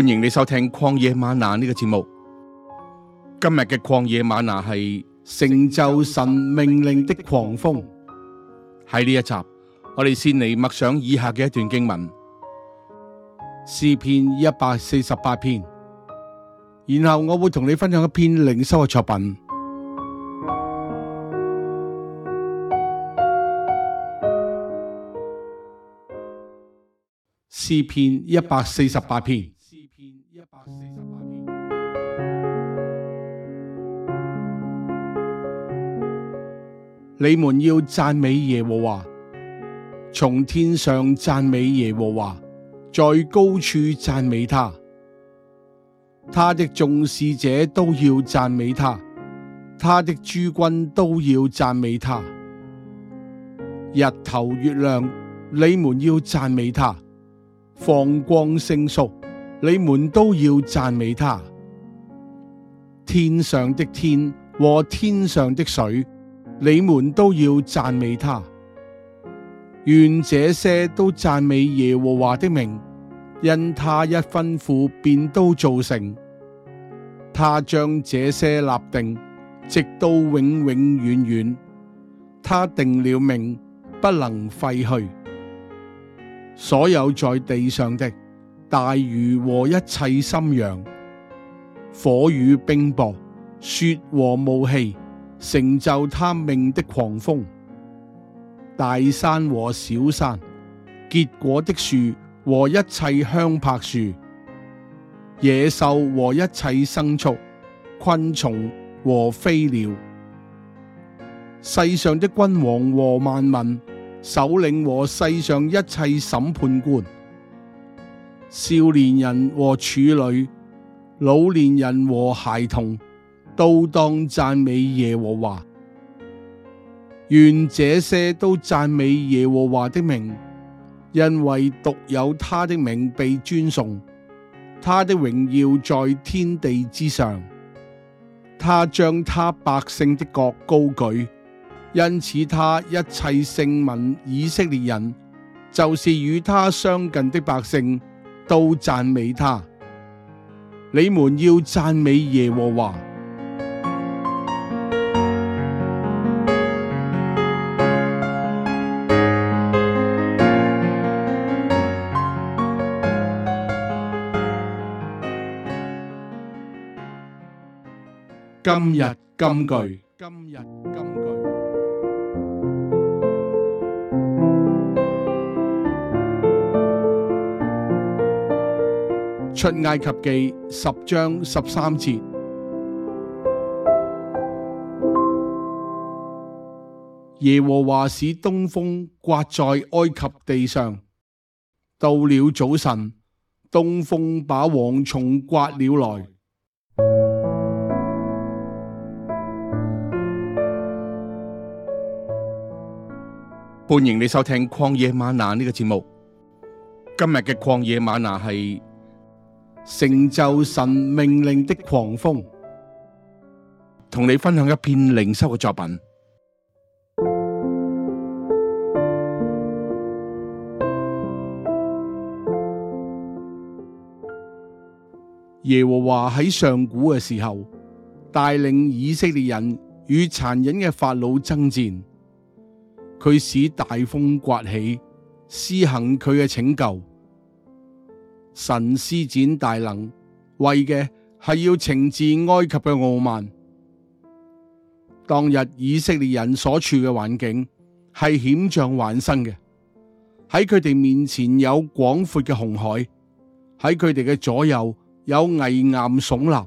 歡迎你收聽曠野嗎哪呢個節目。今日嘅曠野嗎哪係成就神命令的狂風。喺呢一集，我哋先嚟默想以下嘅一段經文，詩篇一百四十八篇。然後我會同你分享一篇靈修嘅作品，詩篇一百四十八篇。你們要讚美耶和華，從天上讚美耶和華，在高處讚美他，他的眾使者都要讚美他，他的諸軍都要讚美他。日頭月亮，你們要讚美他，放光星宿，你們都要讚美他。天上的天和天上的水。你們都要讚美他，願這些都讚美耶和華的名，因他一吩咐便都造成，他將這些立定，直到永永遠遠，他定了命，不能廢去。所有在地上的大魚和一切深洋，火與冰雹、雪和霧氣。成就他命的狂風，大山和小山，結果的樹和一切香柏樹，野獸和一切牲畜，昆蟲和飛鳥，世上的君王和萬民，首領和世上一切審判官，少年人和處女，老年人和孩童。都當讚美耶和華，願這些都讚美耶和華的名，因為獨有他的名被尊崇，他的榮耀在天地之上。他將他百姓的國高舉，因此他一切聖民以色列人，就是與他相近的百姓，都讚美他。你們要讚美耶和華。今日金句。今日金句。出埃及記十章十三節。耶和華使東風颳在埃及地上，到了早晨，東風把蝗蟲颳了來。歡迎你收聽曠野嗎哪呢個節目。今日嘅曠野嗎哪係成就神命令的狂風，同你分享一篇靈修嘅作品。耶和華喺上古嘅時候，帶領以色列人與殘忍嘅法老爭戰。佢使大風刮起，施行佢嘅拯救。神施展大能，為嘅係要懲治埃及嘅傲慢。當日以色列人所處嘅環境係險象環生嘅，喺佢哋面前有廣闊嘅紅海，喺佢哋嘅左右有危岩聳立，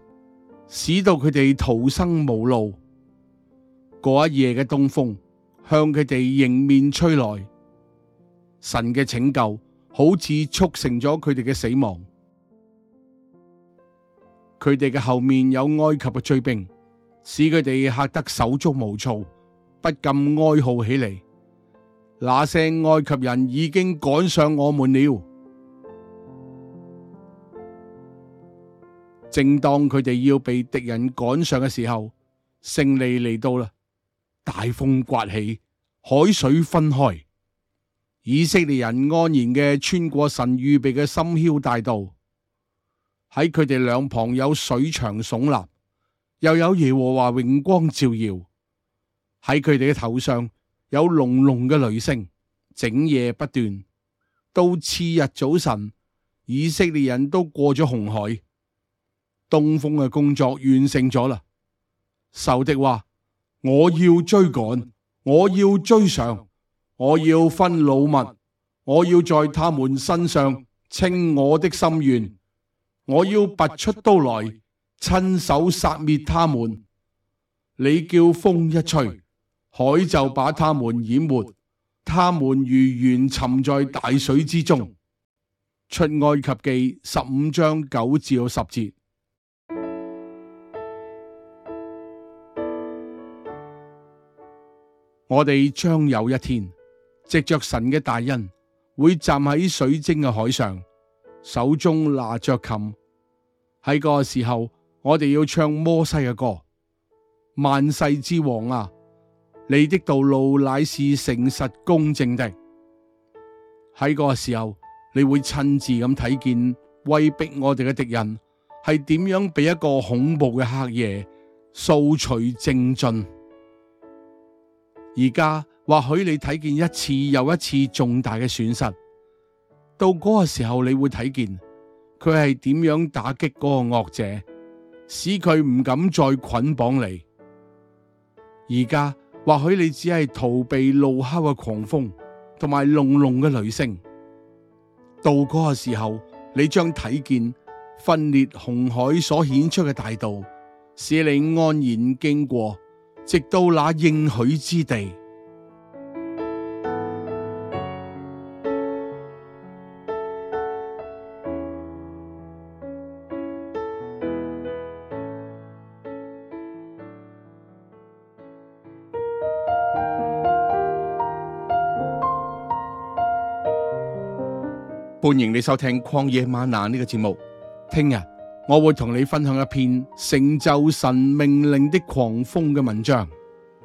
使到佢哋逃生無路。嗰一夜嘅東風。向佢哋迎面吹來，神嘅拯救好似促成咗佢哋嘅死亡。佢哋嘅後面有埃及嘅追兵，使佢哋嚇得手足無措，不禁哀號起嚟，那些埃及人已經趕上我們了。正當佢哋要被敵人趕上嘅時候，勝利嚟到啦。大風颳起，海水分開，以色列人安然嘅穿過神預備嘅深囂大道。喺佢哋兩旁有水牆聳立，又有耶和華榮光照耀。喺佢哋嘅頭上有隆隆嘅雷聲，整夜不斷。到次日早晨，以色列人都過咗紅海。東風嘅工作完成咗啦。仇敵話。我要追趕，我要追上，我要分擄物，我要在他們身上稱我的心願。我要拔出刀來，親手殺滅他們。你叫風一吹，海就把他們淹沒，他們如鉛沉在大水之中。出埃及記十五章九至十節。我哋將有一天藉着神嘅大恩，會站喺水晶嘅海上，手中拿着琴。喺個時候，我哋要唱摩西嘅歌。萬世之王啊，你的道路乃是誠實公正的。喺個時候，你會親自咁睇見威逼我哋嘅敵人係點樣俾一個恐怖嘅黑夜掃除淨盡。而家或許你睇見一次又一次重大嘅損失，到嗰個時候，你會睇見佢係點樣打擊嗰個惡者，使佢唔敢再捆綁你。而家或許你只係逃避怒吼嘅狂風同埋隆隆嘅雷聲，到嗰個時候，你將睇見分裂紅海所顯出嘅大道，使你安然經過直到那應許之地。歡迎你收聽《曠野嗎哪》呢、這個節目，聽日、啊。我會同你分享一篇成就神命令的狂風嘅文章。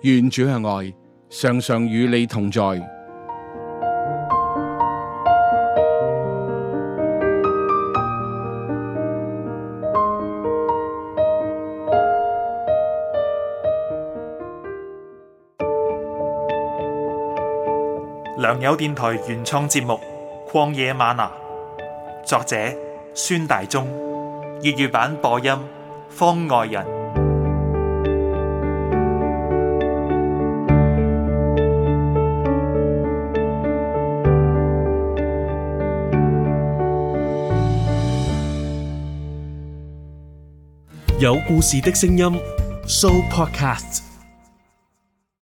願主嘅愛，常常與你同在。良友電台原創節目《曠野嗎哪》，作者孫大中。粵語版播音，方外人。有故事的聲音，Show Podcast。